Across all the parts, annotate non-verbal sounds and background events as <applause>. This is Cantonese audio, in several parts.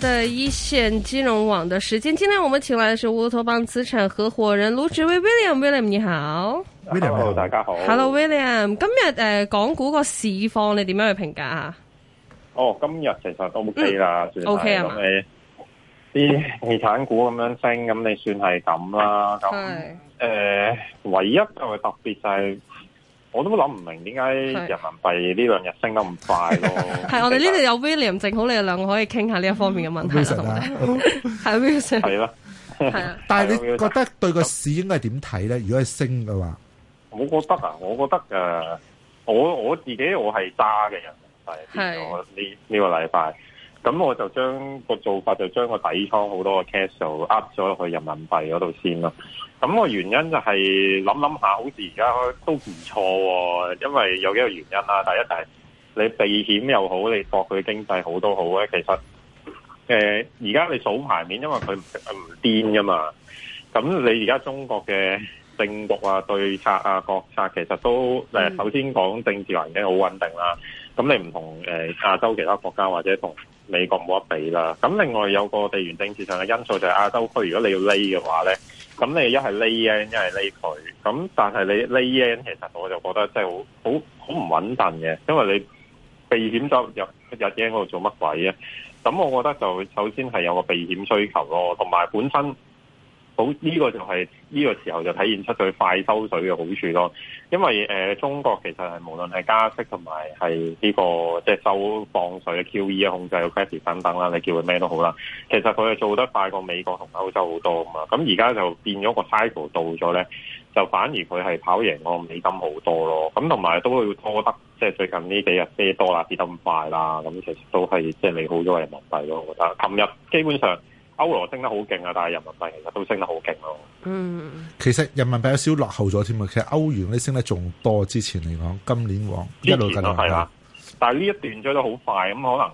第一線金融網的時間，今天我們請來的是烏托邦資產合伙人盧志威 William，William 你好，William 好 hello 大家好，Hello William，今日誒港股個市況你點樣去評價啊？哦今日其實都 OK 啦、嗯，算 OK，咁誒，啲、right? 地產股咁樣升，咁你算係咁啦，咁、yeah. 誒、yeah. 呃、唯一就係特別就係。我都諗唔明點解人民幣呢兩日升得咁快咯。係，我哋呢度有 William，正好你哋兩個可以傾下呢一方面嘅問題。William 係啦，係啊。Okay. <laughs> <laughs> <laughs> <laughs> <laughs> <laughs> 但係你覺得對個市應該點睇咧？如果係升嘅話，我覺得啊，我覺得誒，我我自己我係揸嘅人民幣。係我呢呢個禮拜。咁我就將個做法就將個底倉好多個 cash 數壓咗去人民幣嗰度先咯。咁個原因就係諗諗下，好似而家都唔錯喎。因為有幾個原因啦，第一就係，你避險又好，你博佢經濟好都好咧。其實呃，而家你數牌面，因為佢唔唔癲噶嘛。咁你而家中國嘅政局啊、對策啊、國策，其實都首先講政治環境好穩定啦。咁你唔同誒亞洲其他國家或者同，美國冇得比啦，咁另外有個地緣政治上嘅因素就係亞洲區，如果你要 lay 嘅話咧，咁你一係 lay yen 一係 lay 佢，咁但係你 lay yen 其實我就覺得真係好好好唔穩陣嘅，因為你避險咗日日 yen 嗰度做乜鬼啊？咁我覺得就首先係有個避險需求咯，同埋本身。好、這、呢個就係、是、呢、這個時候就體現出佢快收水嘅好處咯，因為誒、呃、中國其實係無論係加息同埋係呢個即係收放水嘅 QE 啊控制啊加 i 等等啦，你叫佢咩都好啦，其實佢係做得快過美國同歐洲好多啊嘛，咁而家就變咗個 cycle 到咗咧，就反而佢係跑贏我美金好多咯，咁同埋都會拖得即係最近呢幾日跌多啦，跌得咁快啦，咁其實都係即係利好咗係黃幣咯，但係琴日基本上。歐羅升得好勁啊，但係人民幣其實都升得好勁咯。嗯，其實人民幣有少少落後咗添啊。其實歐元呢升得仲多，之前嚟講，今年講、啊，一路咯係啦。但係呢一段追得好快，咁、嗯、可能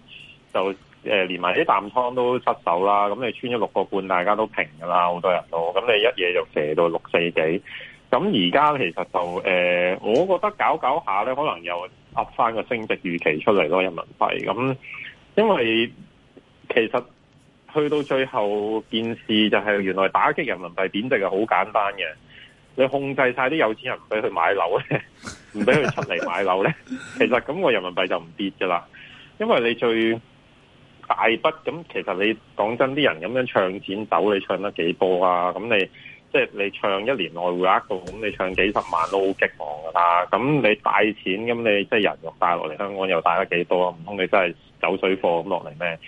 就誒、呃、連埋啲淡倉都失手啦。咁、嗯、你穿咗六個半，大家都平噶啦，好多人咯。咁、嗯、你一嘢就射到六四幾。咁而家其實就、呃、我覺得搞搞下咧，可能又壓翻個升值預期出嚟咯。人民幣咁、嗯，因為其實。去到最後件事就係原來打擊人民幣貶值係好簡單嘅，你控制曬啲有，有錢人唔俾佢買樓咧，唔俾佢出嚟買樓咧，其實咁個人民幣就唔跌噶啦，因為你最大筆咁，其實你講真啲人咁樣唱錢走，你唱得幾波啊？咁你即係、就是、你唱一年內匯額度，咁你唱幾十萬都好激昂噶啦。咁你帶錢咁你即係、就是、人肉帶落嚟香港又帶得幾多啊？唔通你真係走水貨咁落嚟咩？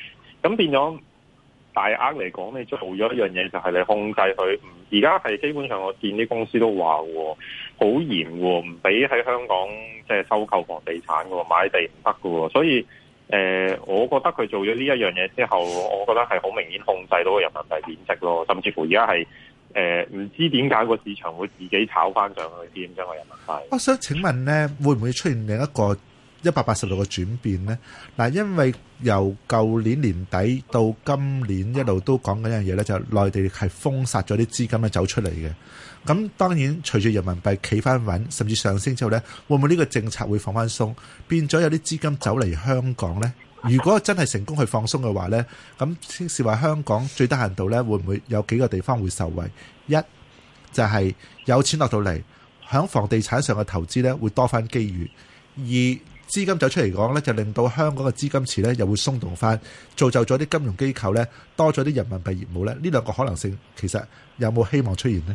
咁變咗。大額嚟講，你做咗一樣嘢就係你控制佢。而家係基本上，我見啲公司都話好嚴，唔俾喺香港即係收購房地產嘅買地唔得㗎。所以，誒、呃，我覺得佢做咗呢一樣嘢之後，我覺得係好明顯控制到個人民幣貶值咯。甚至乎而家係誒，唔、呃、知點解個市場會自己炒翻上去添，將個人民幣。我想請問呢，會唔會出現另一個一百八十度嘅轉變呢，嗱，因為由舊年年底到今年一路都講緊一樣嘢呢，就內、是、內地係封殺咗啲資金咧走出嚟嘅。咁當然隨住人民幣企翻穩，甚至上升之後呢，會唔會呢個政策會放翻鬆，變咗有啲資金走嚟香港呢？如果真係成功去放鬆嘅話呢，咁先至話香港最低限度呢，會唔會有幾個地方會受惠？一就係、是、有錢落到嚟，喺房地產上嘅投資呢，會多翻機遇。二資金走出嚟講咧，就令到香港嘅資金池咧又會鬆動翻，造就咗啲金融機構咧多咗啲人民幣業務咧。呢兩個可能性其實有冇希望出現呢？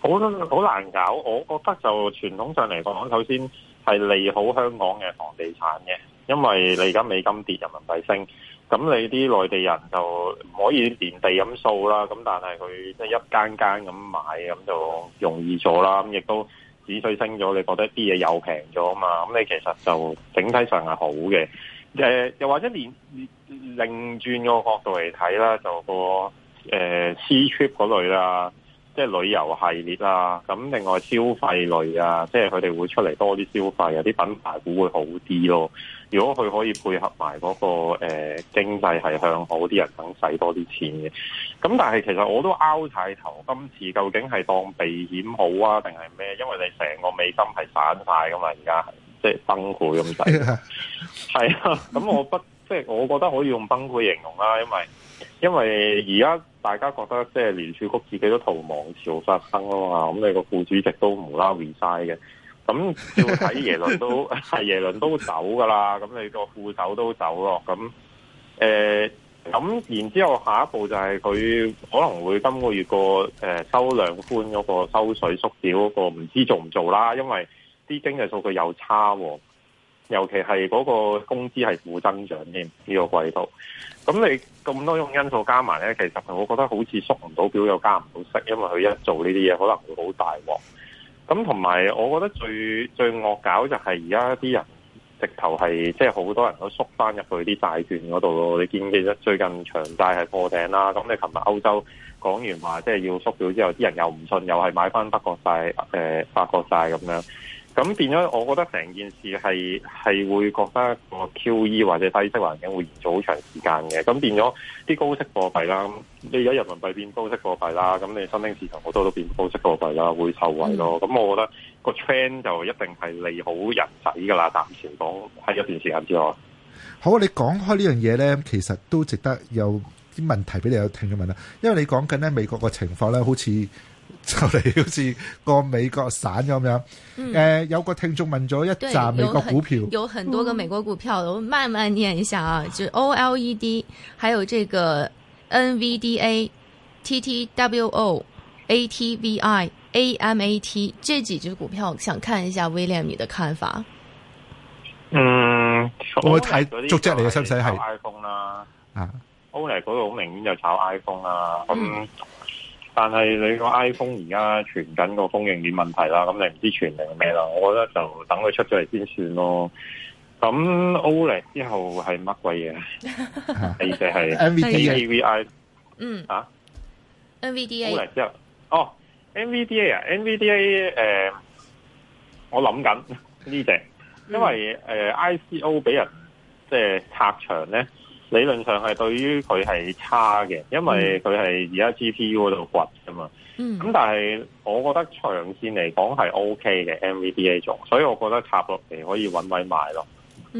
我覺得好難搞。我覺得就傳統上嚟講，首先係利好香港嘅房地產嘅，因為你而家美金跌，人民幣升，咁你啲內地人就唔可以連地咁掃啦。咁但係佢即係一間間咁買，咁就容易咗啦。咁亦都。指水升咗，你覺得啲嘢又平咗啊嘛？咁你其實就整體上係好嘅。誒、呃，又或者連另轉個角度嚟睇啦，就、那個誒、呃、Ctrip 嗰類啦。即係旅遊系列啊，咁另外消費類啊，即係佢哋會出嚟多啲消費啊，啲品牌股會好啲咯。如果佢可以配合埋，那、嗰個誒、呃、經濟係向好，啲人肯使多啲錢嘅。咁但係其實我都拗晒頭，今次究竟係當避險好啊，定係咩？因為你成個美金係散晒噶嘛，而家即係崩潰咁滯。係 <laughs> 啊，咁我不。即係我覺得可以用崩潰形容啦，因為因為而家大家覺得即係聯儲局自己都逃亡潮發生啦嘛，咁、啊啊、你個副主席都無啦啦跌晒嘅，咁、啊、要睇耶倫都係、啊、耶倫都走噶啦，咁你個副手都走咯，咁、啊、誒，咁、啊啊啊、然之後下一步就係佢可能會今個月個誒、啊、收量寬嗰個收水縮小嗰個唔知做唔做啦、啊，因為啲經濟數據又差、哦。尤其係嗰個工資係負增長添呢、呢個季度，咁你咁多種因素加埋咧，其實我覺得好似縮唔到表又加唔到息，因為佢一做呢啲嘢可能會好大鑊。咁同埋我覺得最最惡搞就係而家啲人直頭係即係好多人都縮翻入去啲債券嗰度咯。你見唔見最近長債係破頂啦、啊，咁你琴日歐洲講完話即係要縮表之後，啲人又唔信，又係買翻德國債、誒、呃、法國債咁樣。咁變咗，我覺得成件事係係會覺得 QE 或者低息環境會延續好長時間嘅。咁變咗啲高息貨幣啦，你而家人民幣變高息貨幣啦，咁你新興市場好多都變高息貨幣啦，會受惠咯。咁我覺得個 trend 就一定係利好人仔㗎啦。暫時講喺一段時間之外。好，你講開呢樣嘢咧，其實都值得有啲問題俾你有聽一問啦。因為你講緊咧美國個情況咧，好似～就嚟好似個美國省咁樣。誒、嗯呃，有個聽眾問咗一紮美國股票有，有很多個美國股票，嗯，我慢慢念一下啊。就 OLED、啊、還有這個 NVDA、TTWO、ATVI、AMAT 這幾隻股票，我想看一下 William 你的看法。嗯，我會睇足質嚟嘅，使唔使係？iPhone 啦，啊，OLED 嗰度好明顯就炒 iPhone 啦，咁、哦。嗯但係你個 iPhone 而家傳緊個供應鏈問題啦，咁你唔知傳定咩啦，我覺得就等佢出咗嚟先算咯。咁 OLED 之後係乜鬼嘢？呢隻係 NVDA，嗯 N V D A 嚟之後，哦、oh，NVDA 啊，NVDA，誒、uh，我諗緊呢隻，因為誒、uh, ICO 俾人即係拆牆咧。理論上係對於佢係差嘅，因為佢係而家 GPU 嗰度掘㗎嘛。咁但係我覺得長線嚟講係 OK 嘅 MVBA 組，所以我覺得插落嚟可以揾位買咯。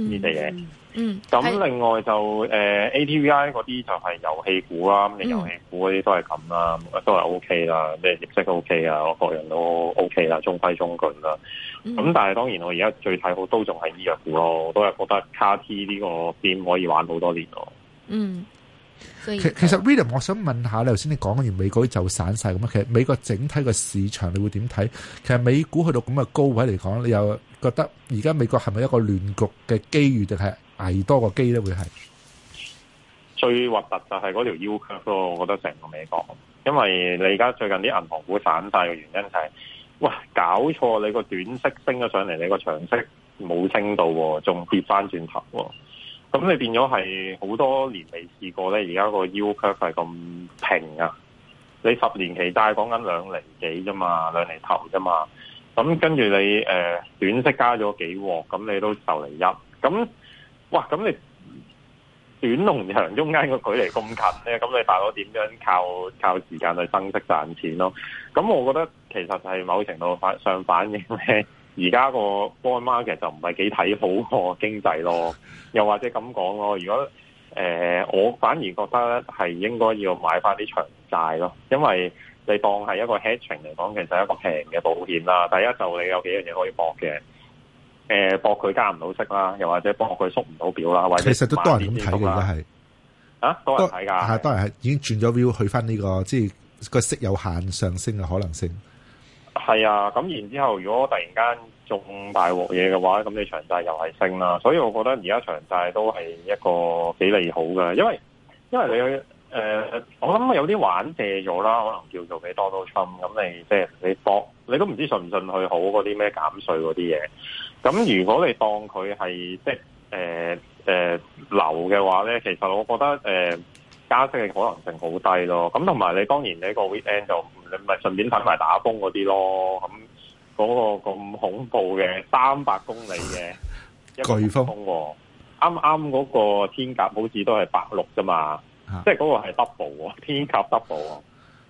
呢啲嘢，嗯，咁、嗯、另外就誒 ATVI 嗰啲就係遊戲股啦，咁你遊戲股嗰啲都係咁啦，都係 O K 啦，咩係業績都 O K 啊，我各樣都 O K 啦，中規中矩啦。咁、嗯、但係當然我而家最睇好都仲係醫藥股咯，我都係覺得卡 T 呢個點可以玩好多年咯。嗯，其其實 William，我想問下，你頭先你講完美股就散晒咁啊？其實美國整體個市場你會點睇？其實美股去到咁嘅高位嚟講，你有。覺得而家美國係咪一個亂局嘅機遇定係危多過機咧？會係最核突就係嗰條腰曲咯。我覺得成個美國，因為你而家最近啲銀行股散晒嘅原因就係：哇，搞錯你個短息升咗上嚟，你個長息冇升到，仲跌翻轉頭。咁你變咗係好多年未試過咧，而家個腰曲係咁平啊！你十年期債講緊兩厘幾啫嘛，兩厘頭啫嘛。咁跟住你誒、呃、短息加咗幾鑊，咁你都就嚟一咁哇！咁你短龍長中間個距離咁近咧，咁你大佬點樣靠靠時間去增息賺錢咯？咁我覺得其實係某程度上反映咧，而家個 bond market 其實就唔係幾睇好個經濟咯。又或者咁講咯，如果誒、呃、我反而覺得係應該要買翻啲長債咯，因為你當係一個 hedging 嚟講，其實係一個平嘅保險啦。第一就你有幾樣嘢可以博嘅，呃，博佢加唔到息啦，又或者博佢縮唔到表啦，或者其實都多人咁睇嘅，都係啊，多人睇㗎，係當然係已經轉咗 view 去翻呢個，即係個息有限上升嘅可能性。係啊，咁然之後，如果突然間仲大鑊嘢嘅話，咁你長債又係升啦。所以我覺得而家長債都係一個幾利好嘅，因為因為你。誒、呃，我諗有啲玩借咗啦，可能叫做俾多多春。咁、就是，你即係你當你都唔知信唔信佢好嗰啲咩減稅嗰啲嘢。咁如果你當佢係即係誒誒流嘅話咧，其實我覺得誒、呃、加息嘅可能性好低咯。咁同埋你當然呢個 weekend 就你咪順便睇埋打風嗰啲咯。咁、那、嗰個咁恐怖嘅三百公里嘅 <laughs> 一巨風、喔，啱啱嗰個天鴿好似都係白鹿啫嘛～即係嗰個係 double 天級 double，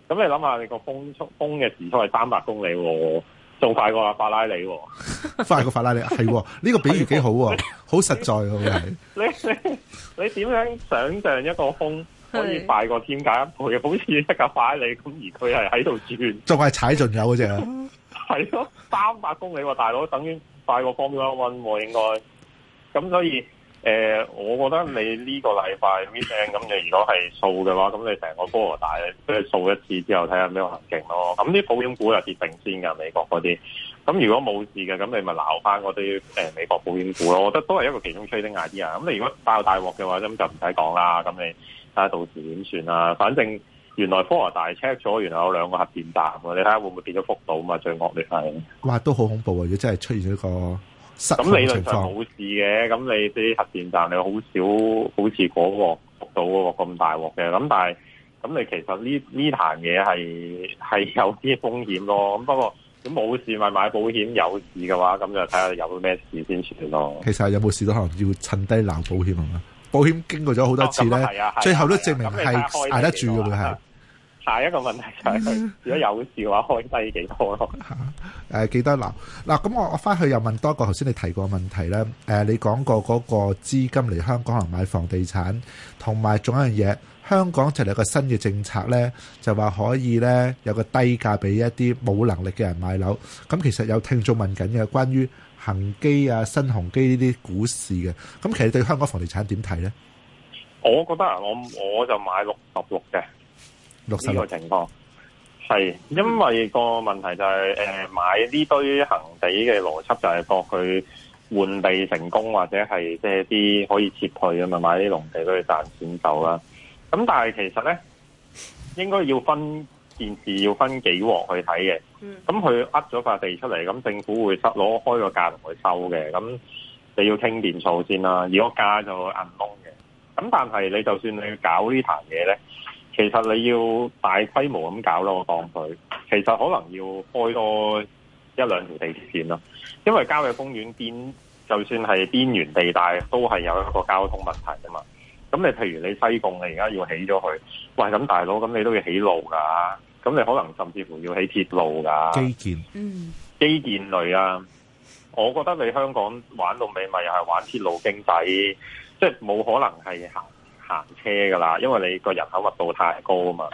咁你諗下你個風速風嘅時速係三百公里，仲快過阿法拉利， <laughs> 快過法拉利係呢、 <laughs> 呢個比喻幾好啊， <laughs> 好實在嘅係。你你你點樣想象一個風可以快過天價一倍，嘅？好似一架法拉利咁，而佢係喺度轉，仲係踩盡油嗰隻？係咯，三百公里，大佬等於快過 Formula One 喎，應該。咁所以。誒、呃，我覺得你呢個禮拜咁，你如果係掃嘅話，咁你成個科羅大即係掃一次之後，睇下咩行程咯。咁啲保險股又跌定先噶，美國嗰啲。咁如果冇事嘅，咁你咪撈翻嗰啲誒美國保險股咯。我覺得都係一個其中 trading idea。咁你如果爆大鑊嘅話，咁就唔使講啦。咁你睇下到時點算啦。反正原來科羅大 check 咗，原來有兩個核電站。你睇下會唔會變咗福島啊？最惡劣係。哇，都好恐怖啊！如果真係出現咗一個。咁理論上冇事嘅，咁你啲核電站你好少，好似嗰個福島嗰個咁大鑊嘅。咁但係，咁你其實呢呢壇嘢係係有啲風險咯。咁不過，咁冇事咪買保險，有事嘅話，咁就睇下有咩事先處理咯。其實有冇事都可能要趁低買保險啊！保險經過咗好多次咧、哦，最後都證明係挨得住嘅，係。下一個問題就係、是，如果有事嘅話，開低幾多咯？誒、啊，幾多樓？嗱、啊，咁、啊啊啊、我我翻去又問多個，頭先你提過問題咧。誒、啊，你講過嗰個資金嚟香港嚟買房地產，同埋仲有一樣嘢，香港就係有個新嘅政策咧，就話可以咧有個低價俾一啲冇能力嘅人買樓。咁其實有聽眾問緊嘅，關於恒基啊、新鴻基呢啲股市嘅，咁其實對香港房地產點睇咧？我覺得啊，我我就買六十六嘅。呢、這個情況係因為個問題就係、是呃、買呢堆恆地嘅邏輯就係博佢換地成功，或者係即係啲可以撤退啊嘛，買啲農地都要賺錢走啦。咁但係其實咧應該要分件事，要分幾鑊去睇嘅。咁佢呃咗塊地出嚟，咁政府會攞開個價同佢收嘅。咁你要傾掂數先啦，如果價就銀窿嘅。咁但係你就算你搞呢壇嘢咧。其實你要大規模咁搞咯，我當佢，其實可能要開多一兩條地鐵線咯，因為郊野公園邊就算係邊緣地帶，都係有一個交通問題㗎嘛。咁你譬如你西貢你而家要起咗佢，喂咁大佬，咁你都要起路噶，咁你可能甚至乎要起鐵路噶基建，嗯，基建類啊，我覺得你香港玩到尾咪又係玩鐵路經濟，即係冇可能係行。行車噶啦，因為你個人口密度太高啊嘛，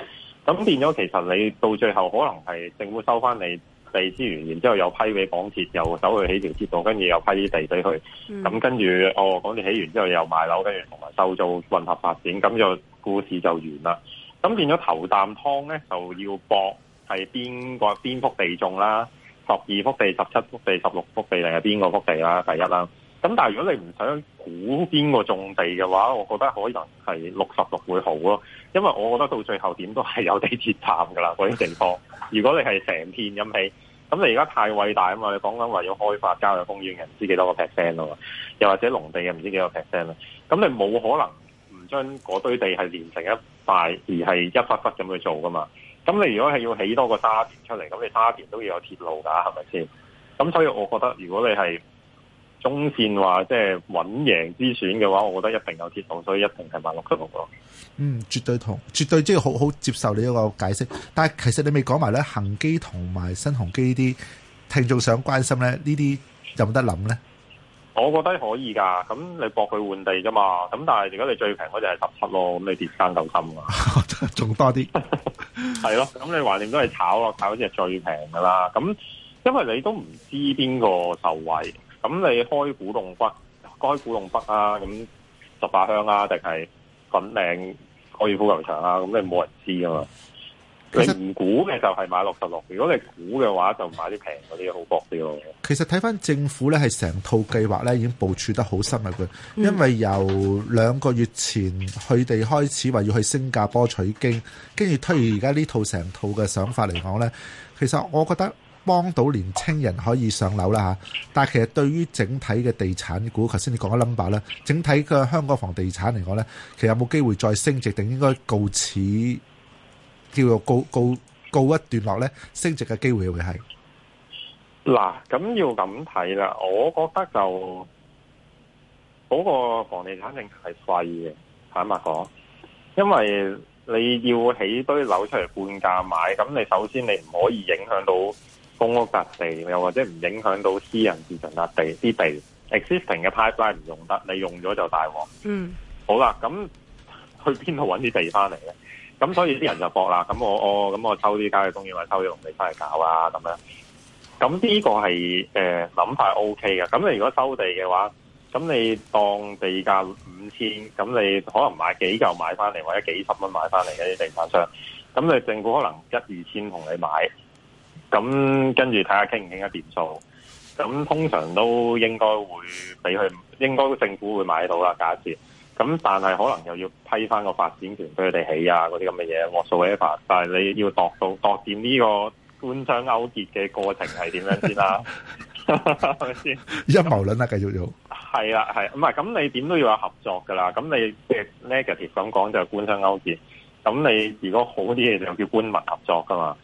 咁變咗其實你到最後可能係政府收翻你地資源，然之後又批俾港鐵，又走去起條鐵道，跟住又批啲地俾佢。咁跟住、嗯、哦，港鐵起完之後又賣樓，跟住同埋收租混合發展，咁就故事就完啦。咁變咗頭啖湯咧，就要搏係邊個邊幅地種啦，十二幅地、十七幅地、十六幅地定係邊個幅地啦？第一啦。咁但係如果你唔想估邊個種地嘅話，我覺得可能係六十六會好咯，因為我覺得到最後點都係有地鐵站噶啦嗰啲地方。如果你係成片咁起，咁你而家太偉大啊嘛！你講緊話要開發郊野公園，人唔知幾多個 percent 嘛，又或者農地啊，唔知幾多 percent 咧。咁你冇可能唔將嗰堆地係連成一塊，而係一忽忽咁去做噶嘛？咁你如果係要起多個沙田出嚟，咁你沙田都要有鐵路噶，係咪先？咁所以我覺得如果你係中線話即係穩贏之選嘅話，我覺得一定有跌動，所以一定係萬六七六咯。嗯，絕對同，絕對即係好好接受你一個解釋。但係其實你未講埋咧，恒基同埋新鴻基呢啲聽眾想關心咧，呢啲有冇得諗咧？我覺得可以㗎。咁你博佢換地啫嘛？咁但係如果你最平嗰隻係十七咯。咁你跌三九三啊，仲 <laughs> 多啲一。係 <laughs> 咯。咁你橫掂都係炒咯，炒嗰隻係最平㗎啦。咁因為你都唔知邊個受惠。咁你開古洞北，開古洞北啊，咁十八鄉啊，定係粉嶺高爾夫球場啊，咁你冇人知㗎嘛。其實唔估嘅就係買六十六，如果你估嘅話就買啲平嗰啲好搏啲咯。其實睇翻政府咧，係成套計劃咧，已經部署得好深入嘅。因為由兩個月前佢哋開始話要去新加坡取經，跟住推而而家呢套成套嘅想法嚟講咧，其實我覺得。幫到年青人可以上樓啦吓，但係其實對於整體嘅地產股，頭先你講一 number 啦，整體嘅香港房地產嚟講呢，其實有冇機會再升值，定應該告此叫做告告告一段落呢？升值嘅機會會係？嗱，咁要咁睇啦。我覺得就嗰個房地產係貴嘅，坦白講，因為你要起堆樓出嚟半價買，咁你首先你唔可以影響到。公屋隔地又或者唔影響到私人市場啦，地啲地 existing 嘅 Pipeline 唔用得，你用咗就大鑊。嗯，好啦，咁去邊度搵啲地翻嚟咧？咁所以啲人就搏啦。咁 <laughs> 我我咁、哦、我抽啲郊區公園或抽啲農地翻嚟搞啊咁樣。咁呢個係誒諗法 OK 嘅。咁你如果收地嘅話，咁你當地價五千，咁你可能買幾嚿買翻嚟，或者幾十蚊買翻嚟嘅啲地產商。咁你政府可能一二千同你買。咁跟住睇下傾唔傾得掂數，咁通常都應該會俾佢，應該政府會買到啦，假設。咁但係可能又要批翻個發展權俾佢哋起啊，嗰啲咁嘅嘢，whatever。但係你要度到度掂呢個官商勾結嘅過程係點樣先啦？係咪先？陰謀論啊，繼 <laughs> <laughs> 續做。係啦、啊，係唔係？咁、啊、你點都要有合作噶啦。咁你即係 negative 咁講就官商勾結。咁你如果好啲嘅就叫官民合作噶嘛。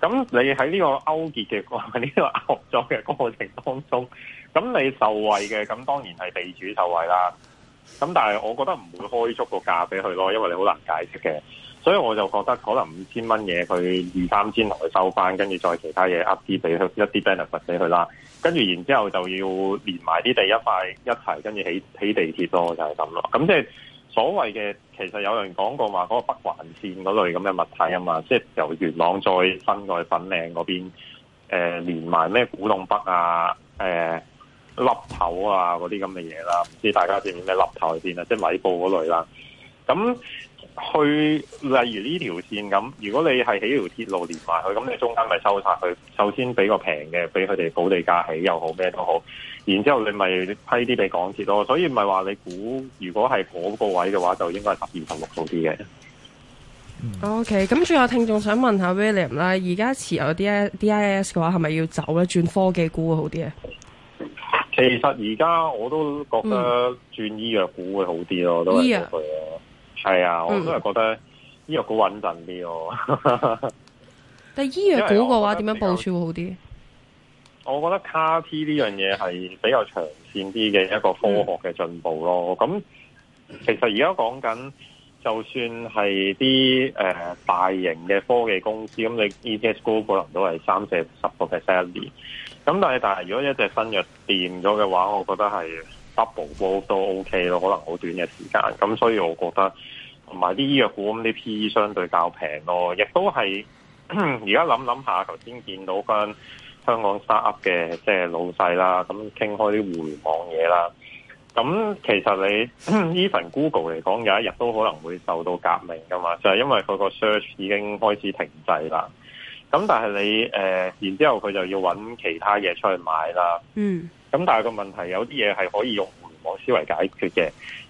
咁你喺呢個勾結嘅過程，呢個合作嘅過程當中，咁你受惠嘅，咁當然係地主受惠啦。咁但係我覺得唔會開足個價俾佢咯，因為你好難解釋嘅。所以我就覺得可能五千蚊嘢，佢二三千台收翻，跟住再其他嘢 Up 啲俾佢，一啲 b n benefit 俾佢啦。跟住然之後就要連埋啲地一塊一齊，跟住起起地鐵多就係咁咯。咁即、就係所謂嘅其實有人講過話嗰、嗰個北環線嗰類咁嘅物體啊嘛，即係由元朗再分過去粉嶺嗰邊，呃、連埋咩古洞北啊、誒、呃、凹頭啊嗰啲咁嘅嘢啦，唔知大家知唔知咩凹頭線啊，即係米埔嗰類啦，咁。去例如呢條線咁，如果你係起條鐵路連埋去咁，你中間咪收晒佢。首先俾個平嘅，俾佢哋土地價起又好咩都好。然之後你咪批啲俾港鐵咯。所以唔係話你估，如果係嗰個位嘅話，就應該係十二十六好啲嘅。O K，咁仲有聽眾想問下 William 啦，而家持有 D I D I S 嘅話，係咪要走咧？轉科技股會好啲啊、嗯？其實而家我都覺得轉醫藥股會好啲咯、嗯，都係過係啊，我都係覺得醫藥股穩陣啲哦。但醫藥股嘅話，點 <laughs> 樣部署會好啲？我覺得 CAR T 呢樣嘢係比較長線啲嘅一個科學嘅進步咯。咁、嗯、其實而家講緊，就算係啲誒大型嘅科技公司，咁你 ETF 股可能都係三四十個 percent 一年。咁但係但係，如果一隻新藥變咗嘅話，我覺得係。阿寶都 OK 咯，可能好短嘅時間，咁所以我覺得同埋啲醫藥股咁啲 PE 相對較平咯，亦都係而家諗諗下，頭先見到間香港 startup 嘅即係老細啦，咁傾開啲互聯網嘢啦，咁其實你 Even Google 嚟講有一日都可能會受到革命噶嘛，就係、是、因為佢個 search 已經開始停滯啦。咁、嗯、但係你誒、呃，然之後佢就要揾其他嘢出去買啦。嗯。咁但係個問題有啲嘢係可以用互聯網思維解決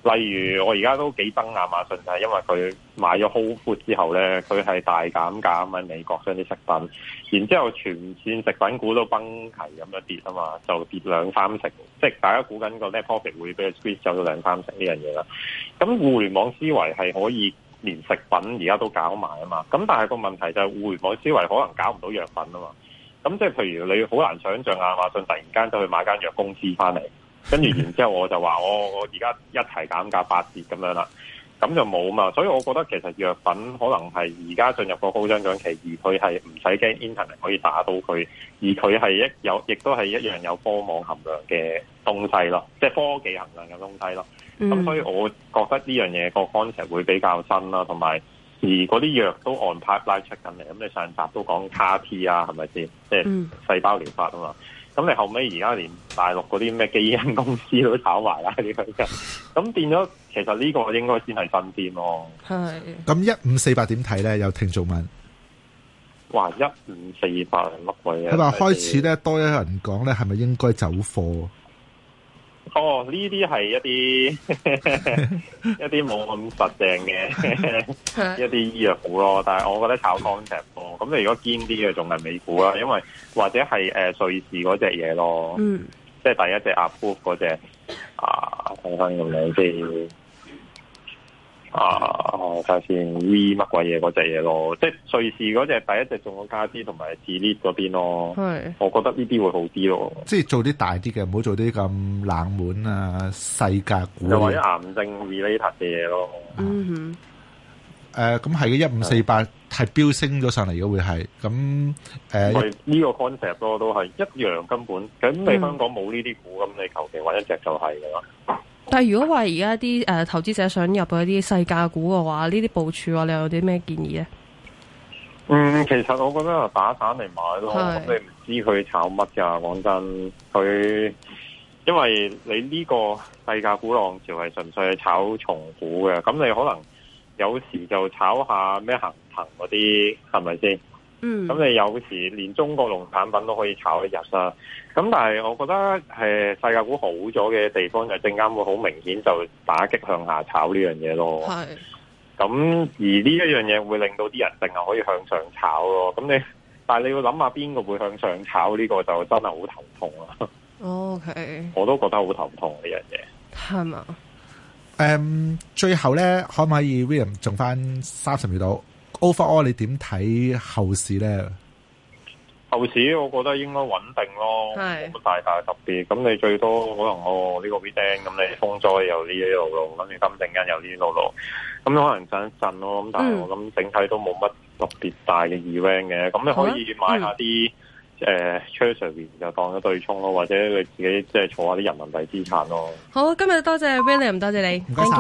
嘅，例如我而家都幾憎亞馬遜，就係因為佢買咗 Whole Foods 之後呢，佢係大減價咁喺美國將啲食品，然之後全線食品股都崩齊咁樣跌啊嘛，就跌兩三成，即係大家估緊個咩 net profit 會俾佢 squeeze 走咗兩三成呢樣嘢啦。咁、嗯、互聯網思維係可以。連食品而家都搞埋啊嘛，咁但係個問題就係互聯網思維可能搞唔到藥品啊嘛，咁即係譬如你好難想像亞馬遜突然間就去買間藥公司翻嚟，跟住然之後我就話、哦、我我而家一齊減價八折咁樣啦。咁就冇嘛，所以我覺得其實藥品可能係而家進入個高增長期，而佢係唔使驚，internet 可以打到佢，而佢係一有，亦都係一樣有科網含量嘅東西咯，即係科技含量嘅東西咯。咁，嗯，所以我覺得呢樣嘢個 concept 會比較新啦，同埋而嗰啲藥都按 pipeline 出緊嚟，咁你上集都講 CAR-T 啊，係咪先？即係細胞療法啊嘛。咁你後尾而家連大陸嗰啲咩基因公司都炒埋啦，呢樣嘢，咁變咗其實呢個應該先係新店咯。咁一五四八點睇呢？有聽眾問，話一五四八零碌位啊。佢話、就是、開始呢，多咗人講呢，係咪應該走貨？哦，呢啲係一啲 <laughs> 一啲冇咁實淨嘅一啲醫藥股咯，但係我覺得炒 concept 咯。咁你如果堅啲嘅，仲係美股啦，因為或者係誒、呃、瑞士嗰隻嘢咯，嗯、即係第一隻 approve 嗰隻啊，咁樣即啊，我睇下先，V 乜鬼嘢嗰隻嘢咯，即係瑞士嗰隻第一隻仲個家資同埋字理嗰邊咯。係，我覺得呢啲會好啲咯。即係做啲大啲嘅，唔好做啲咁冷門啊，細格股。又或者癌症 related 嘅嘢咯。誒、嗯，咁係嘅，一五四八係飆升咗上嚟嘅會係。咁誒，呢個 concept 咯，都係一樣根本。咁你香港冇呢啲股，咁你求其揾一隻就係嘅啦。但係如果話而家啲誒投資者想入去啲細價股嘅話，呢啲部署啊，你有啲咩建議咧？嗯，其實我覺得打散嚟買咯，你唔知佢炒乜噶。講真，佢因為你呢個細價股浪潮係純粹係炒重股嘅，咁你可能有時就炒下咩恒騰嗰啲，係咪先？嗯。咁你有時連中國農產品都可以炒一日啊！咁但係我覺得，誒，世界股好咗嘅地方就正啱會好明顯就打擊向下炒呢樣嘢咯。係。咁而呢一樣嘢會令到啲人淨係可以向上炒咯。咁你，但係你要諗下邊個會向上炒呢，呢個就真係好頭痛啊。OK。我都覺得好頭痛呢樣嘢。係嘛？誒、um，最後咧，可唔可以 William，仲翻三十秒度？Overall 你點睇後市咧？後市我覺得應該穩定咯，冇乜太大特別。咁你最多可能哦呢、這個 bit down，咁你風災又呢一路路，諗住咁陣間又呢一路路，咁可能震一震咯。咁但係我諗整體都冇乜特別大嘅 event 嘅。咁、嗯、你可以買一下啲誒 chair 上面就當咗對沖咯，或者你自己即係、就是、坐下啲人民幣資產咯。好，今日多謝，謝 William，多謝，謝你，唔該。